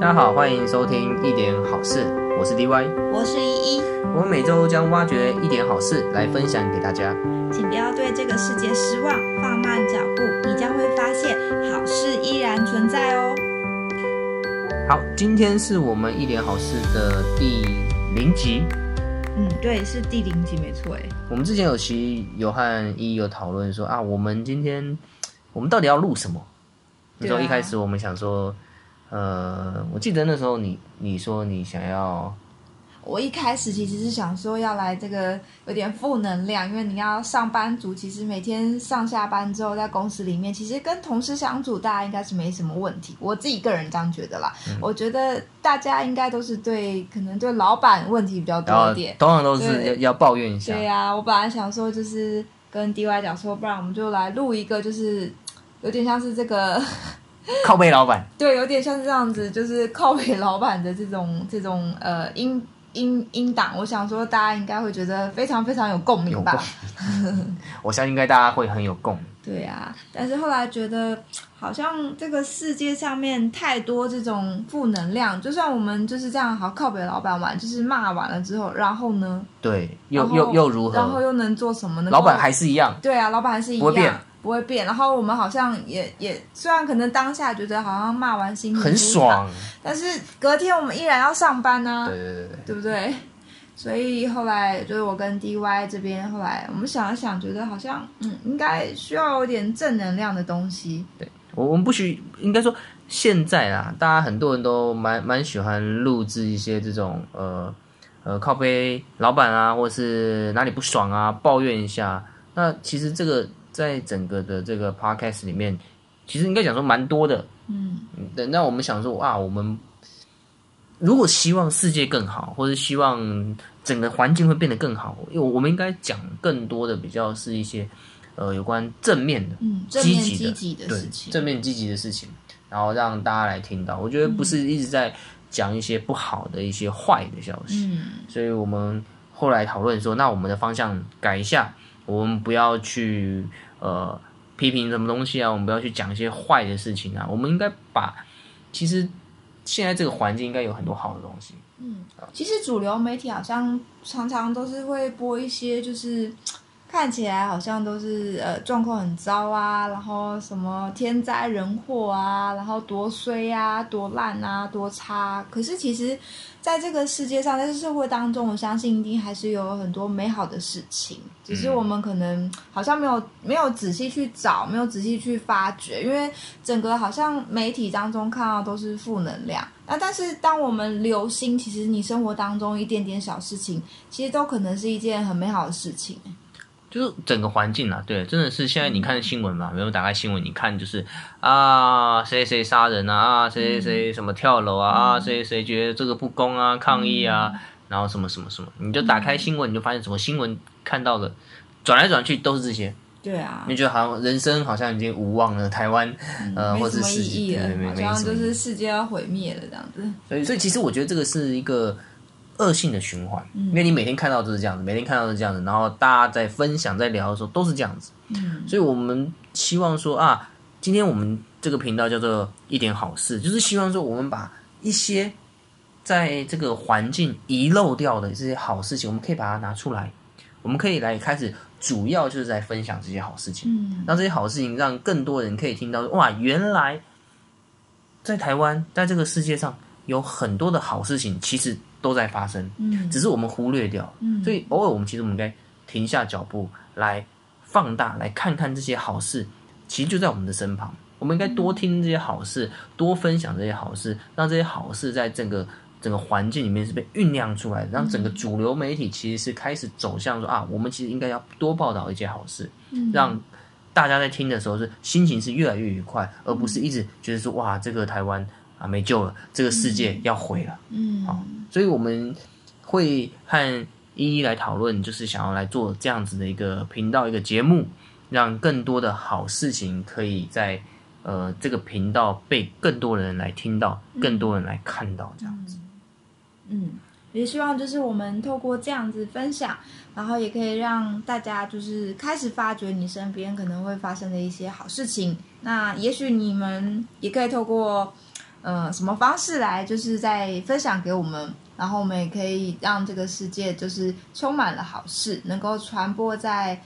大家好，歡迎收聽一點好事，我是 DY，我是依依，我們每周將挖掘一點好事來分享給大家，請不要對這個世界失望，放慢腳步，你將會發現好事依然存在哦。好，今天是我們一點好事的第零集，嗯，對，是第零集，沒錯，我們之前有期有和依依有討論說啊，我們今天我們到底要錄什麼？那時候、啊、一開始我們想說。呃，我記得那時候你你說你想要，我一開始其實是想說要來這個有點負能量，因為你要上班族，其實每天上下班之後在公司裡面，其實跟同事相處，大家應該是沒什麼問題。我自己個人這樣覺得啦，嗯，我覺得大家應該都是對，可能對老板問題比較多一點然後，通常都是要，對，要抱怨一下。對呀，啊，我本來想說就是跟 DY 講說，不然我們就來錄一個，就是有點像是這個。靠北老闆，對，有點像這樣子，就是靠北老板的這種這種呃陰陰陰擋我想說大家應該會覺得非常非常有共鳴吧？有，我相信應該大家會很有共鳴。對啊，但是後來覺得好像這個世界上面太多這種負能量，就算我們就是這樣好靠北老板玩，就是罵完了之後，然後呢，對，又又後又如何？然後又能做什麼呢？老闆還是一樣。對啊，老闆還是一樣不會變，然後我們好像也也雖然可能當下覺得好像罵完心很爽，但是隔天我們依然要上班呢、啊，對、對、對，對不對？所以後來就是我跟 DY 這邊，後來我們想了想，覺得好像嗯，應該需要有一點正能量的東西。對，我們不需應該說現在啊，大家很多人都蠻蠻喜歡錄製一些這種呃呃靠杯老板啊，或者是哪裡不爽啊，抱怨一下。那其實這個。在整個的這個 podcast 裡面，其實應該講說蠻多的。嗯，嗯，那我們想說，啊，我們如果希望世界更好，或者希望整個環境會變得更好，因為我們應該講更多的，比較是一些呃有關正面的，嗯、積極的，對，正面積極的事情，然後讓大家來聽到。我覺得不是一直在講一些不好的、嗯、一些壞的消息。嗯，所以我們後來討論說，那我們的方向改一下，我們不要去。呃，批評什麼東西啊？我們不要去講一些壞的事情啊。我們應該把，其實現在這個環境應該有很多好的東西。嗯，其實主流媒體好像常常都是會播一些就是。看起來好像都是呃狀況很糟啊，然後什麼天災人禍啊，然後多衰啊，多爛啊，多差。可是其實，在這個世界上，在這個社會當中，我相信一定還是有很多美好的事情，只是我們可能好像沒有沒有仔細去找，沒有仔細去發掘，因為整個好像媒體當中看到都是負能量。那但是當我們留心，其實你生活當中一點點小事情，其實都可能是一件很美好的事情。就是整個環境啊，對，真的是現在你看新聞嘛，嗯、沒有打開新聞，你看就是啊，誰誰殺人啊，啊，誰誰誰什麼跳樓啊，嗯、啊，誰誰覺得這個不公啊，抗議啊，嗯、然後什麼什麼什麼，你就打開新聞，嗯、你就發現什麼新聞看到的，轉來轉去都是這些。對啊，你覺得好像人生好像已經無望了，台灣呃，或是，是好像就是世界要毀滅了這樣子。所以，所以其實我覺得這個是一個。惡性的循環，因為你每天看到都是這樣子，嗯、每天看到的是這樣子，然後大家在分享、在聊的時候都是這樣子，嗯，所以我們希望說啊，今天我們這個頻道叫做一點好事，就是希望說我們把一些在這個環境遺漏掉的這些好事情，我們可以把它拿出來，我們可以來開始，主要就是在分享這些好事情，嗯，讓這些好事情讓更多人可以聽到說哇，原來在台灣，在這個世界上，有很多的好事情，其實都在發生，嗯，只是我們忽略掉，嗯，所以偶爾我們其實我們應該停下腳步來放大，嗯，來看看這些好事，其實就在我們的身旁。我們應該多聽這些好事，嗯，多分享這些好事，讓這些好事在整個整個環境裡面是被醞釀出來的。讓整個主流媒體其實是開始走向說啊，我們其實應該要多報道一些好事，讓大家在聽的時候是心情是越來越愉快，而不是一直覺得說哇，這個台灣。啊，沒救了！這個世界要毀了。嗯，好、嗯啊，所以我們會和 EE 來討論，就是想要來做這樣子的一個頻道、一個節目，讓更多的好事情可以在呃這個頻道被更多人來聽到、更多人來看到，這樣子嗯。嗯，也希望就是我們透過這樣子分享，然後也可以讓大家就是開始發掘你身邊可能會發生的一些好事情。那也許你們也可以透過。嗯，什麼方式來，就是在分享給我們，然後我們也可以讓這個世界就是充滿了好事，能夠傳播在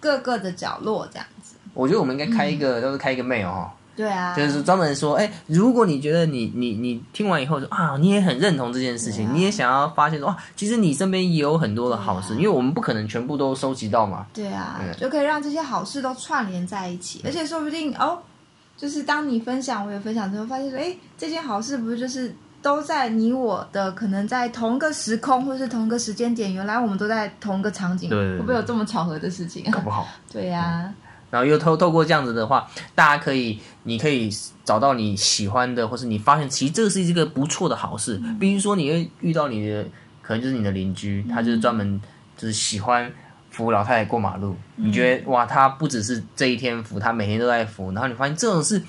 各個的角落，這樣子。我覺得我們應該開一個，就、嗯、是開一個 mail 哈、哦。對啊。就是專門說，哎、欸，如果你覺得你你你聽完以後，就啊，你也很認同這件事情，啊、你也想要發現說，哇、啊，其實你身邊也有很多的好事，啊、因為我們不可能全部都收集到嘛。對啊。嗯、就可以讓這些好事都串聯在一起，嗯、而且說不定哦。就是當你分享，我也分享之後，發現說，哎，這件好事不是就是都在你我的可能在同一個時空，或是同一個時間點，原來我們都在同一個場景，對對對會不會有這麼巧合的事情？搞不好。對呀、啊嗯。然後又透透過這樣子的話，大家可以，你可以找到你喜歡的，或是你發現，其實這個是一個不錯的好事。比如、嗯、說，你會遇到你的，可能就是你的鄰居，他就是專門就是喜歡。扶老太太過馬路，你覺得哇，她不只是這一天扶，他每天都在扶。然後你發現這種事，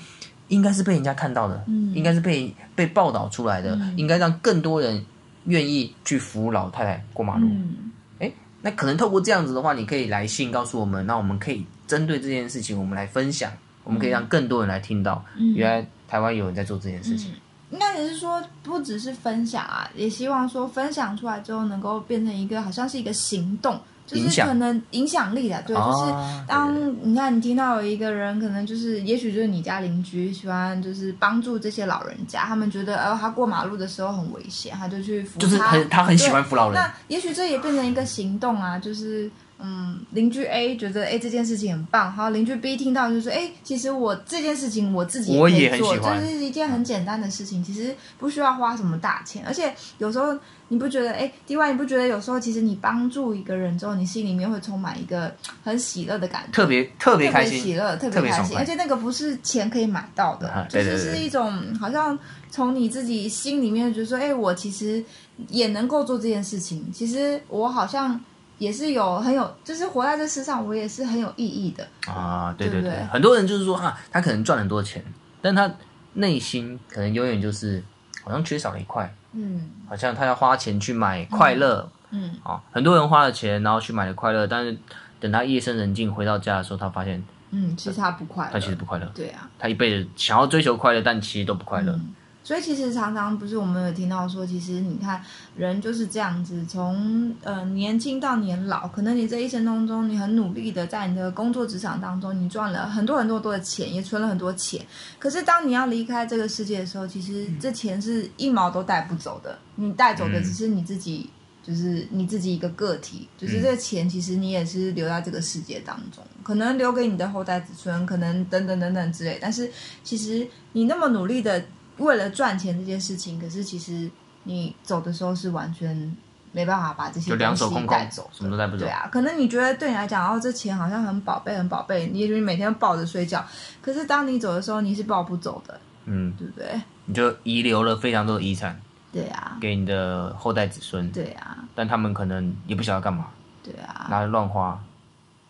應該是被人家看到的，嗯、應該是被被報道出來的，嗯、應該讓更多人願意去扶老太太過馬路。嗯、誒，那可能透過這樣子的話，你可以來信告訴我們，那我們可以針對這件事情，我們來分享，嗯、我們可以讓更多人來聽到，原來台灣有人在做這件事情。應該、嗯嗯、也是說，不只是分享啊，也希望說分享出來之後能夠變成一個，好像是一個行動。就是可能影響力的對。啊、就是當你看你聽到有一個人，可能就是也許就是你家鄰居喜歡就是幫助這些老人家，他們覺得哦，他過馬路的時候很危險，他就去扶他，就是很他很喜歡扶老人。對，那也許這也變成一個行動啊，就是。嗯，鄰居 A 覺得哎，這件事情很棒，然後鄰居 B 聽到就說、是、哎，其實我這件事情我自己也可以做，我也很喜歡，就是一件很簡單的事情，嗯、其實不需要花什麼大錢，而且有時候你不覺得哎，DY 你不覺得有時候其實你幫助一個人之後，你心裡面會充滿一個很喜樂的感覺，特別特別開心，喜樂特別開心，而且那個不是錢可以買到的，啊、對對對，就是是一種好像從你自己心裡面就是說哎，我其實也能夠做這件事情，其實我好像。也是有很有，就是活在這世上，我也是很有意義的啊！對對對，對對很多人就是說啊，他可能賺很多錢，但他內心可能永遠就是好像缺少了一塊，嗯，好像他要花錢去買快樂，嗯，嗯啊，很多人花了錢然後去買了快樂，但是等他夜深人靜回到家的時候，他發現他，嗯，其實他不快樂，他其實不快樂，對啊，他一輩子想要追求快樂，但其實都不快樂。嗯所以其實常常不是我們有聽到說，其實你看人就是這樣子，從呃年輕到年老，可能你這一生當中，你很努力的在你的工作職場當中，你賺了很多很多多的錢，也存了很多錢。可是當你要離開這個世界的時候，其實這錢是一毛都帶不走的，你帶走的只是你自己，就是你自己一個個體，就是這個錢其實你也是留在這個世界當中，可能留給你的後代子孫，可能等等等等之類。但是其實你那麼努力的。為了賺錢這件事情，可是其實你走的時候是完全沒辦法把這些東西帶走，就兩手空空，什麼都帶不走。對啊，可能你覺得對你來講，哦，這錢好像很寶貝，很寶貝，你也覺得你每天抱着睡覺。可是當你走的時候，你是抱不走的。嗯，對不對？你就遺留了非常多的遺產。對啊，給你的後代子孫。對啊，但他們可能也不曉得幹嘛。對啊，拿來亂花，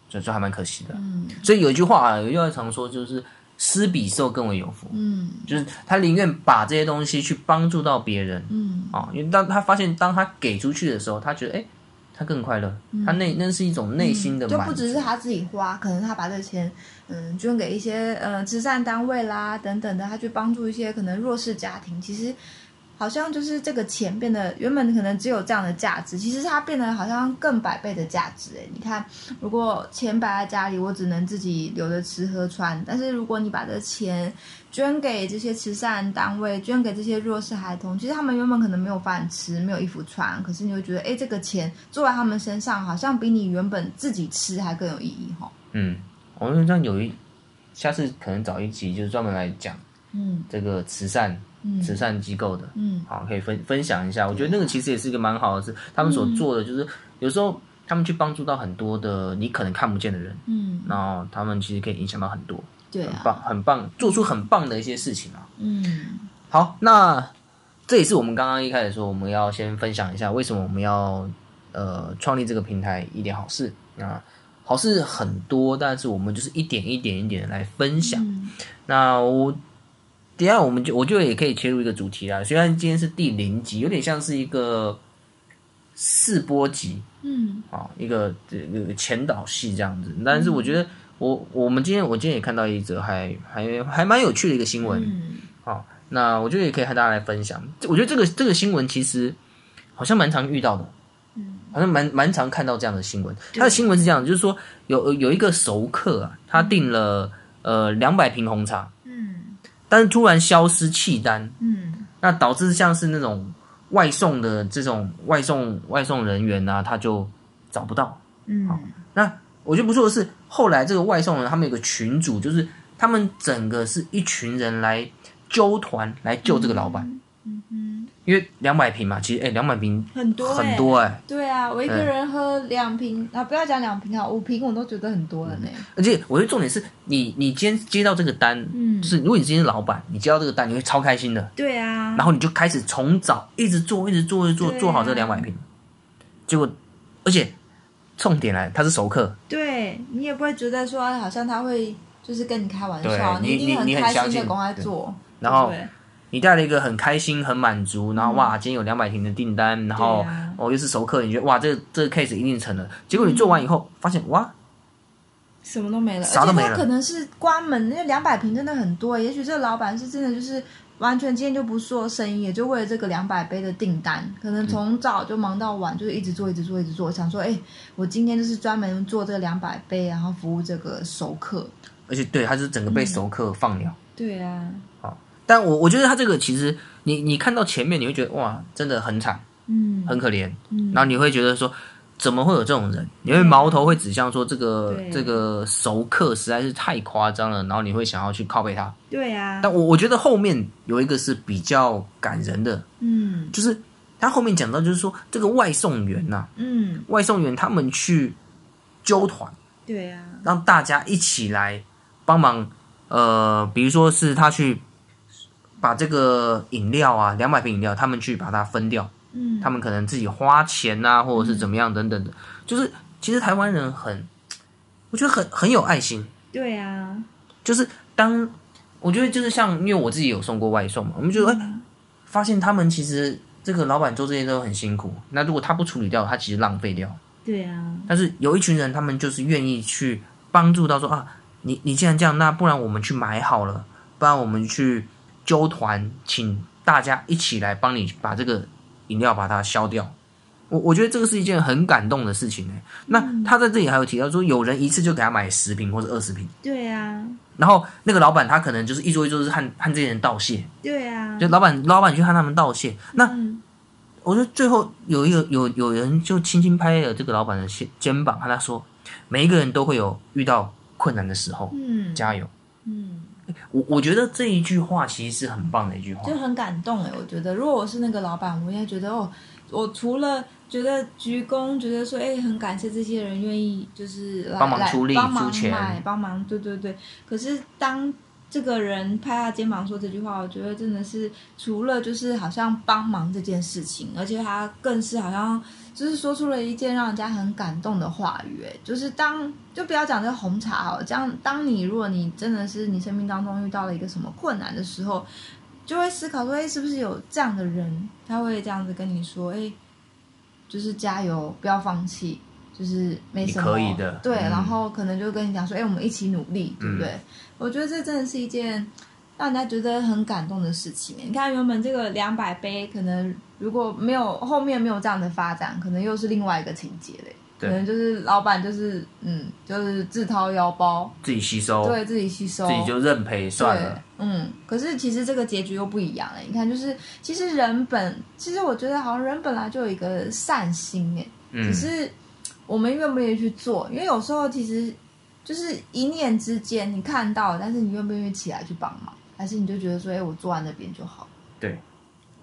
所以這還蠻可惜的。嗯，所以有一句話啊，有一句話常說就是。施比受更為有福，嗯，就是他寧願把這些東西去幫助到別人，嗯，啊、哦，因為當他發現當他給出去的時候，他覺得，哎、欸，他更快樂，嗯、他那那是一種內心的滿足、嗯，就不只是他自己花，可能他把這錢，嗯，捐給一些呃慈善單位啦等等的，他去幫助一些可能弱勢家庭，其實。好像就是這個錢變得原本可能只有這樣的價值，其實它變得好像更百倍的價值誒、欸，你看，如果錢擺在家裡，我只能自己留着吃喝穿；但是如果你把這錢捐給這些慈善單位，捐給這些弱勢孩童，其實他們原本可能沒有飯吃、沒有衣服穿，可是你會覺得，誒、欸，這個錢做在他們身上，好像比你原本自己吃還更有意義哈！嗯，我們這樣有一下次可能找一集就是專門來講，嗯，這個慈善。慈善機構的，嗯，好，可以分分享一下。我覺得那個其實也是一個蠻好的事。嗯、他們所做的就是，有時候他們去幫助到很多的你可能看不見的人，嗯，然後他們其實可以影響到很多，對、嗯，很棒，很棒，做出很棒的一些事情啊。嗯，好，那這也是我們剛剛一開始說，我們要先分享一下為什麼我們要呃創立這個平台一點好事啊，好事很多，但是我們就是一點一點一點的來分享。嗯、那我。等下我們就我就也可以切入一個主題啦，雖然今天是第零集，有點像是一個試播集，嗯，啊，一個這個前導戲這樣子。但是我覺得我我們今天我今天也看到一則還還還蠻有趣的一個新聞，嗯，好，那我覺得也可以和大家來分享。我覺得這個這個新聞其實好像蠻常遇到的，嗯，好像蠻蠻常看到這樣的新聞。它的新聞是這樣，對就是說有有一個熟客啊，他訂了呃兩百瓶紅茶。但是突然消失棄單，嗯，那導致像是那種外送的這種外送外送人員呢、啊，他就找不到，嗯、哦，那我覺得不錯的是，後來這個外送人他們有個群組，就是他們整個是一群人來揪團來救這個老闆，嗯嗯，嗯因為兩百瓶嘛，其實哎，兩百瓶很多很多哎。對啊，我一個人喝兩瓶啊，不要講兩瓶啊，五瓶我都覺得很多了呢。嗯、而且，我覺得重點是你，你今天接到這個單，嗯，就是如果你今天是老闆，你接到這個單，你會超開心的。對啊。然後你就開始從早一直做，一直做，一直做、啊、做好這兩百瓶。結果，而且重點來，他是熟客，對你也不會覺得說好像他會就是跟你開玩笑，你你你很開心的趕快做，對對然後。你帶了一個很開心、很滿足，然後哇，嗯、今天有兩百瓶的訂單，然後、啊、哦，又是熟客，你覺得哇，這個、這個 case 一定成了。結果你做完以後，嗯、發現哇，什麼都沒了，啥都沒了，而且他可能是關門，那兩百瓶真的很多、欸。也許這個老闆是真的就是完全今天就不做生意，也就為了這個兩百杯的訂單，可能從早就忙到晚，嗯、就是一,一直做、一直做、一直做，想說哎、欸，我今天就是專門做這個兩百杯，然後服務這個熟客。而且對，他是整個被熟客放鳥，嗯。對啊，好。但我我覺得他這個其實你，你你看到前面你會覺得哇，真的很慘，嗯，很可憐，嗯，然後你會覺得說，怎麼會有這種人？嗯、你會矛頭會指向說這個、啊、這個熟客實在是太誇張了，然後你會想要去靠背他。對呀、啊。但我我覺得後面有一個是比較感人的，嗯，就是他後面講到就是說這個外送員吶、啊嗯，嗯，外送員他們去揪團，對呀、啊，讓大家一起來幫忙，呃，比如說是他去。把這個飲料啊，兩百瓶飲料，他們去把它分掉。嗯，他們可能自己花錢啊，或者是怎麼樣等等的。嗯、就是其實台灣人很，我覺得很很有愛心。對啊，就是當我覺得就是像，因為我自己有送過外送嘛，我們就、嗯、哎發現他們其實這個老闆做這些都很辛苦。那如果他不處理掉，他其實浪費掉。對啊。但是有一群人，他們就是願意去幫助到說啊，你你既然這樣，那不然我們去買好了，不然我們去。揪團，請大家一起來幫你把這個飲料把它消掉。我我覺得這個是一件很感動的事情、欸、那、嗯、他在這裡還有提到說，有人一次就給他買十瓶或者二十瓶。對啊。然後那個老闆他可能就是一桌一桌是和和這些人道謝。對啊。就老闆老闆去和他們道謝。那、嗯、我說最後有一個有有人就輕輕拍了這個老闆的肩膀，和他說，每一個人都會有遇到困難的時候，嗯，加油，嗯。我我覺得這一句話其實是很棒的一句話，就很感動哎、欸。我覺得如果我是那個老闆，我也覺得哦，我除了覺得鞠躬，覺得說哎、欸，很感謝這些人願意就是來幫忙出力、幫忙出錢、幫忙，對對對。可是當。這個人拍他肩膀說這句話，我覺得真的是除了就是好像幫忙這件事情，而且他更是好像就是說出了一件讓人家很感動的話語，就是當就不要講這紅茶哦，這樣當你如果你真的是你生命當中遇到了一個什麼困難的時候，就會思考說，欸，是不是有這樣的人，他會這樣子跟你說，欸，就是加油，不要放棄。就是沒什麼，可以的。對，嗯、然後可能就跟你講說，哎，我們一起努力，對不、嗯、對？我覺得這真的是一件讓人家覺得很感動的事情。你看，原本這個兩百杯，可能如果沒有後面沒有這樣的發展，可能又是另外一個情節嘞。對可能就是老板就是嗯，就是自掏腰包，自己吸收，對，自己吸收，自己就認賠算了。嗯，可是其實這個結局又不一樣了。你看，就是其實人本，其實我覺得好像人本來就有一個善心誒，嗯、只是。我們願不願意去做？因為有時候其實就是一念之間，你看到，但是你願不願意起來去幫忙，還是你就覺得說，哎，我坐在那邊就好。對，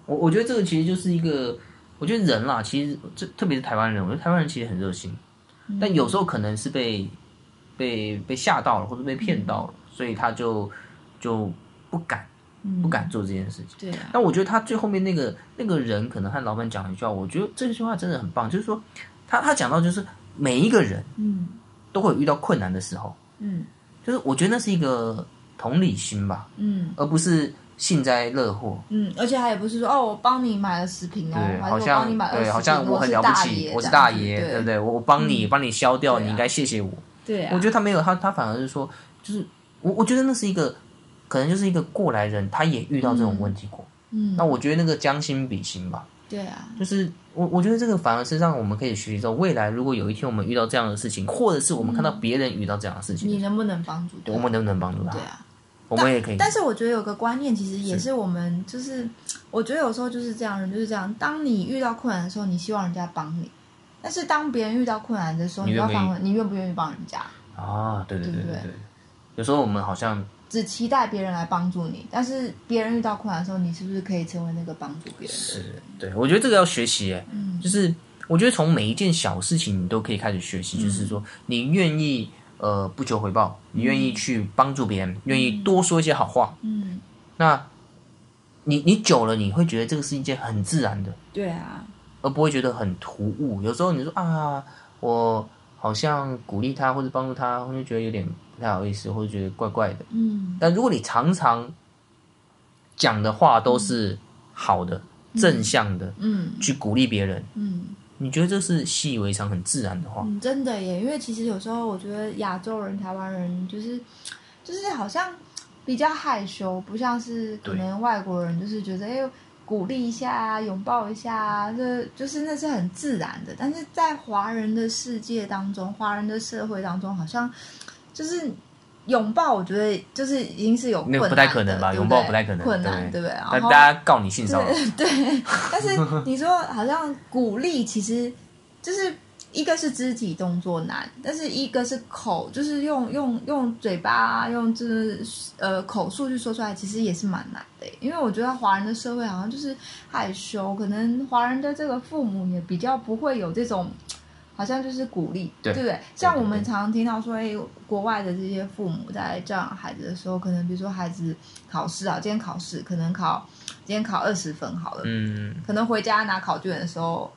我我覺得這個其實就是一個，我覺得人啦，其實這特別是台灣人，我覺得台灣人其實很熱心，但有時候可能是被、嗯、被被嚇到了，或者被騙到了，嗯、所以他就就不敢不敢做這件事情。嗯、對、啊、但我覺得他最後面那個那個人可能和老板講了一句話，我覺得這句話真的很棒，就是說。他他講到就是每一個人，嗯，都會有遇到困難的時候，嗯，就是我覺得那是一個同理心吧，嗯，而不是幸災樂禍，嗯，而且他也不是說哦，我幫你買了食品啊，對，好像對，好像我很了不起，我是大爺，對不對？我我幫你幫你消掉，你應該謝謝我，對，我覺得他沒有，他他反而是說，就是我我覺得那是一個可能就是一個過來人，他也遇到這種問題過，嗯，那我覺得那個將心比心吧。對啊，就是我，我覺得這個反而是讓我們可以學習到，未來如果有一天我們遇到這樣的事情，或者是我們看到別人遇到這樣的事情，嗯，你能不能幫助？對，我們能不能幫助他？對啊，我們也可以，但，但是我覺得有個觀念，其實也是我們，就是，是我覺得有時候就是這樣，人就是這樣。當你遇到困難的時候，你希望人家幫你，但是當別人遇到困難的時候，你，你要幫，你願不願意幫人家？啊，對對對對對，對，對對，有時候我們好像。只期待別人來幫助你，但是別人遇到困難的時候，你是不是可以成為那個幫助別人的人？是，對，我覺得這個要學習耶，嗯、就是我覺得從每一件小事情你都可以開始學習，嗯、就是說你願意呃不求回報，你願意去幫助別人，嗯、願意多說一些好話，嗯，那，你你久了你會覺得這個是一件很自然的，對啊，而不會覺得很突兀。有時候你說啊，我好像鼓勵他或者幫助他，我就覺得有點。不太好意思，或者覺得怪怪的。嗯，但如果你常常講的話都是好的、嗯、正向的，嗯，去鼓勵別人，嗯，你覺得這是習以為常、很自然的話、嗯？真的耶，因為其實有時候我覺得亞洲人、台灣人就是就是好像比較害羞，不像是可能外國人就是覺得對哎，鼓勵一下、啊、擁抱一下、啊，這就,就是那是很自然的。但是在華人的世界當中、華人的社會當中，好像。就是擁抱，我覺得就是已經是有困難的擁抱，不太可能困難，對不對？大家告你性騷擾，對，對。但是你說好像鼓勵，其實就是一個是肢體動作難， 但是一個是口，就是用用用嘴巴、啊、用這個、呃口述去說出來，其實也是蠻難的。因為我覺得華人的社會好像就是害羞，可能華人的這個父母也比較不會有這種。好像就是鼓勵，對，對不對？像我們常聽到說，對對對哎，國外的這些父母在教育孩子的時候，可能比如說孩子考試啊，今天考試可能考，今天考二十分好了，嗯，可能回家拿考卷的時候，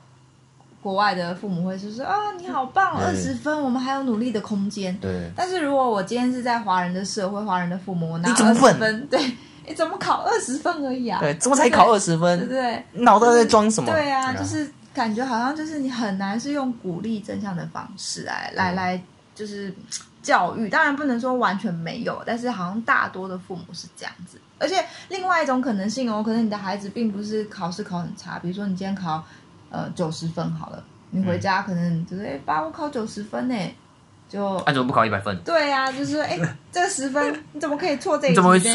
國外的父母會就是說啊，你好棒，二十、嗯、分，我們還有努力的空間。對、對、對。但是如果我今天是在華人的社會，華人的父母，我拿五分？對，你怎麼考二十分而已啊？對，怎麼才考二十分？對不對？對不對，腦袋在裝什麼？就是、對啊，就是。嗯感覺好像就是你很難是用鼓勵正向的方式來來來，嗯、就是教育。當然不能說完全沒有，但是好像大多的父母是這樣子。而且另外一種可能性哦，可能你的孩子並不是考試考很差，比如說你今天考呃九十分好了，你回家可能就是、嗯欸、爸，我考九十分呢。就你怎麼不考一百分？對呀、啊，就是哎、欸，這十分 你怎麼可以錯這一題？你怎麼會，這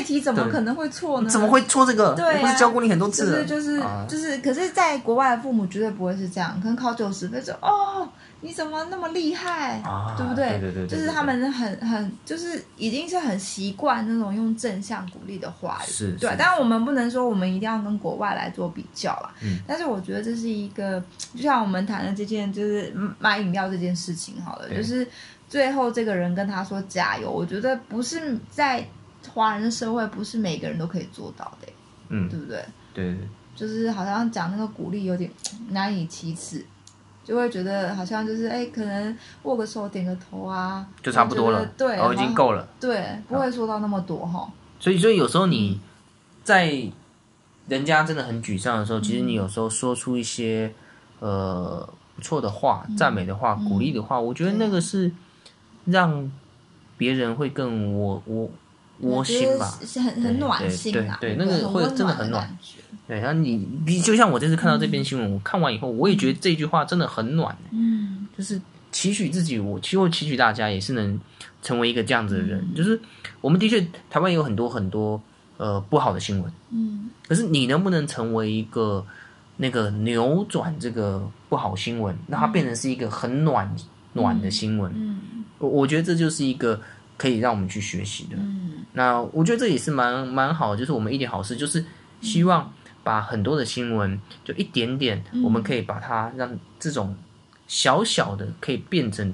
題怎麼可能會錯呢？對，怎麼會錯這個？對啊、我不是教過你很多次了？就是、就是啊、就是，可是在國外的父母絕對不會是這樣，可能考九十分就哦。你怎麼那麼厲害，啊、對不對？就是他們很很就是已經是很習慣那種用正向鼓勵的話語，是對。是但我們不能說我們一定要跟國外來做比較了。是是是但是我覺得這是一個，就像我們談的這件，就是買飲料這件事情好了，對就是最後這個人跟他說加油，我覺得不是在華人社會，不是每個人都可以做到的。嗯，對不對？對，對對。就是好像講那個鼓勵有點難以啟齒。就會覺得好像就是哎，可能握個手、點個頭啊，就差不多了，對、哦，已經夠了，對，嗯、不會說到那麼多哈、哦。所以，所以有時候你在人家真的很沮喪的時候，嗯、其實你有時候說出一些呃不錯的話、讚美的話、嗯、鼓勵的話，嗯、我覺得那個是讓別人會更我我。我窩心吧，是很很暖心、啊，對對對，對，那個會真的很暖。嗯、對，然後你你就像我這次看到這篇新聞，嗯、我看完以後，我也覺得這句話真的很暖、欸。嗯，就是期許自己我，我其實期許大家也是能成為一個這樣子的人。嗯、就是我們的確台灣有很多很多呃不好的新聞，嗯，可是你能不能成為一個那個扭轉這個不好新聞，讓它變成是一個很暖暖的新聞？嗯，我我覺得這就是一個。可以讓我們去學習的，嗯，那我覺得這也是蠻蠻好，就是我們一點好事，就是希望把很多的新聞，嗯、就一點點，我們可以把它讓這種小小的可以變成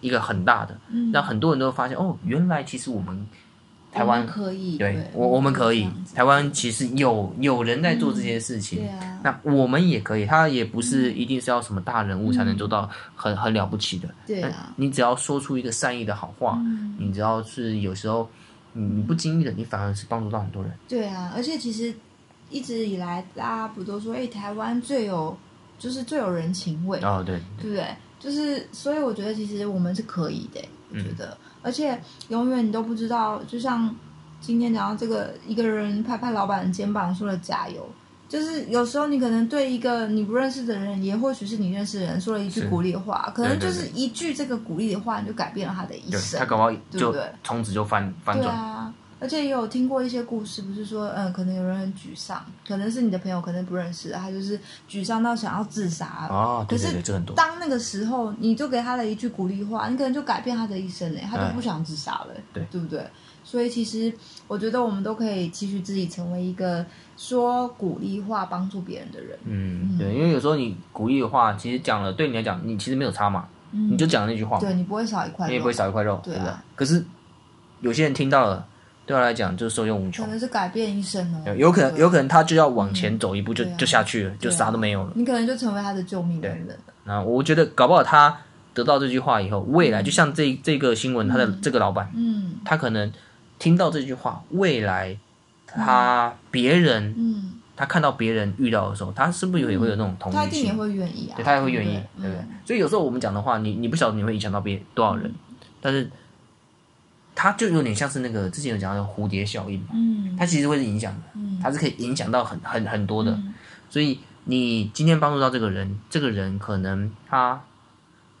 一個很大的，嗯、讓很多人都發現，哦，原來其實我們。台灣可以，對我，我們可以。台灣其實有有人在做這件事情，那我們也可以。他也不是一定是要什麼大人物才能做到很很了不起的。對啊，你只要說出一個善意的好話，你只要是有時候，你你不經意的，你反而是幫助到很多人。對啊，而且其實一直以來大家不都說，哎，台灣最有就是最有人情味。哦，對，對不對？就是，所以我覺得其實我們是可以的。覺得，嗯、而且永遠你都不知道，就像今天講到這個，一個人拍拍老闆的肩膀，說了加油，就是有時候你可能對一個你不認識的人，也或許是你認識的人，說了一句鼓勵的話，是可能就是一句這個鼓勵的話，對對對，你就改變了他的一生，他搞不好就，對不對？從此就翻翻轉。而且也有聽過一些故事，不是說嗯，可能有人很沮喪，可能是你的朋友，可能不認識他，還就是沮喪到想要自殺啊。對對對，可是當那個時候，你就給他了一句鼓勵話，你可能就改變他的一生呢，他就不想自殺了，哎、對不對？對，所以其實我覺得我們都可以期許自己成為一個說鼓勵話、幫助別人的人。嗯，嗯對，因為有時候你鼓勵的話，其實講了對你來講，你其實沒有差嘛，嗯、你就講了那句話，對你不會少一塊，你也不會少一塊肉，塊肉對、啊，對？可是有些人聽到了。對他來講就受用無窮，可能是改變一生哦。有可能，有可能他就要往前走一步，就就下去了，就啥都沒有了。你可能就成為他的救命恩人。然後我覺得搞不好他得到這句話以後，未來就像這這個新聞他的這個老板，嗯，他可能聽到這句話，未來他別人，嗯，他看到別人遇到的時候，他是不是有也會有那種同情心？他一定會願意啊，他也會願意，對不對？所以有時候我們講的話，你你不曉得你會影響到別多少人，但是。它就有點像是那個之前有講的蝴蝶效應嘛，嗯，它其實會是影響的，嗯，它是可以影響到很很很多的，嗯，所以你今天幫助到這個人，這個人可能他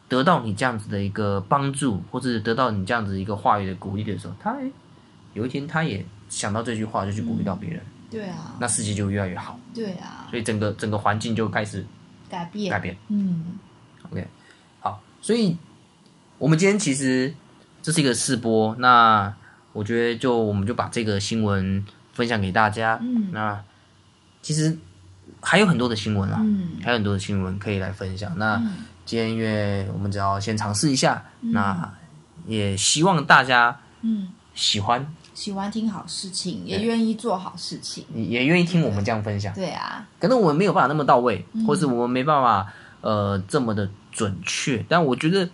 得到你這樣子的一個幫助，或者是得到你這樣子一個話語的鼓勵的時候，他有一天他也想到這句話，就去鼓勵到別人，嗯，對啊，那世界就越來越好，對啊，所以整個整個環境就開始改變，改變，嗯，OK，好，所以我們今天其實。這是一個試播，那我覺得就我們就把這個新聞分享給大家。嗯，那其實還有很多的新聞啊，嗯、還有很多的新聞可以來分享。嗯、那今天因為我們只要先嘗試一下，嗯、那也希望大家嗯喜歡嗯喜歡聽好事情，也願意做好事情，也願意聽我們這樣分享。對，對，對啊，可能我們沒有辦法那麼到位，嗯、或是我們沒辦法呃這麼的準確，但我覺得。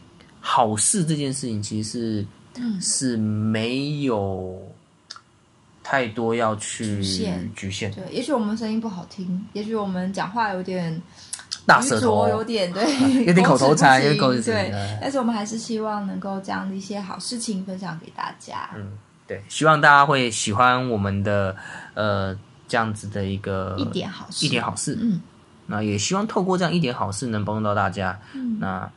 好事這件事情其實是，是沒有太多要去局限。對，也許我們聲音不好聽，也許我們講話有點大舌頭，有點對，有點口頭禪，有點口頭禪，對。但是我們還是希望能夠將一些好事情分享給大家。嗯，對，希望大家會喜歡我們的呃這樣子的一個一點好事，一點好事。嗯，那也希望透過這樣一點好事，能幫助到大家。嗯，那。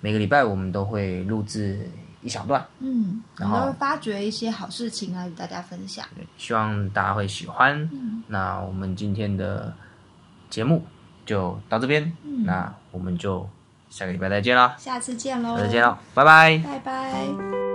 每個禮拜我們都會錄製一小段，嗯，然後發掘一些好事情來、啊、與大家分享，希望大家會喜歡。嗯、那我們今天的節目就到這邊，嗯、那我們就下個禮拜再見啦，下次見嘍，再見嘍，拜拜，拜拜。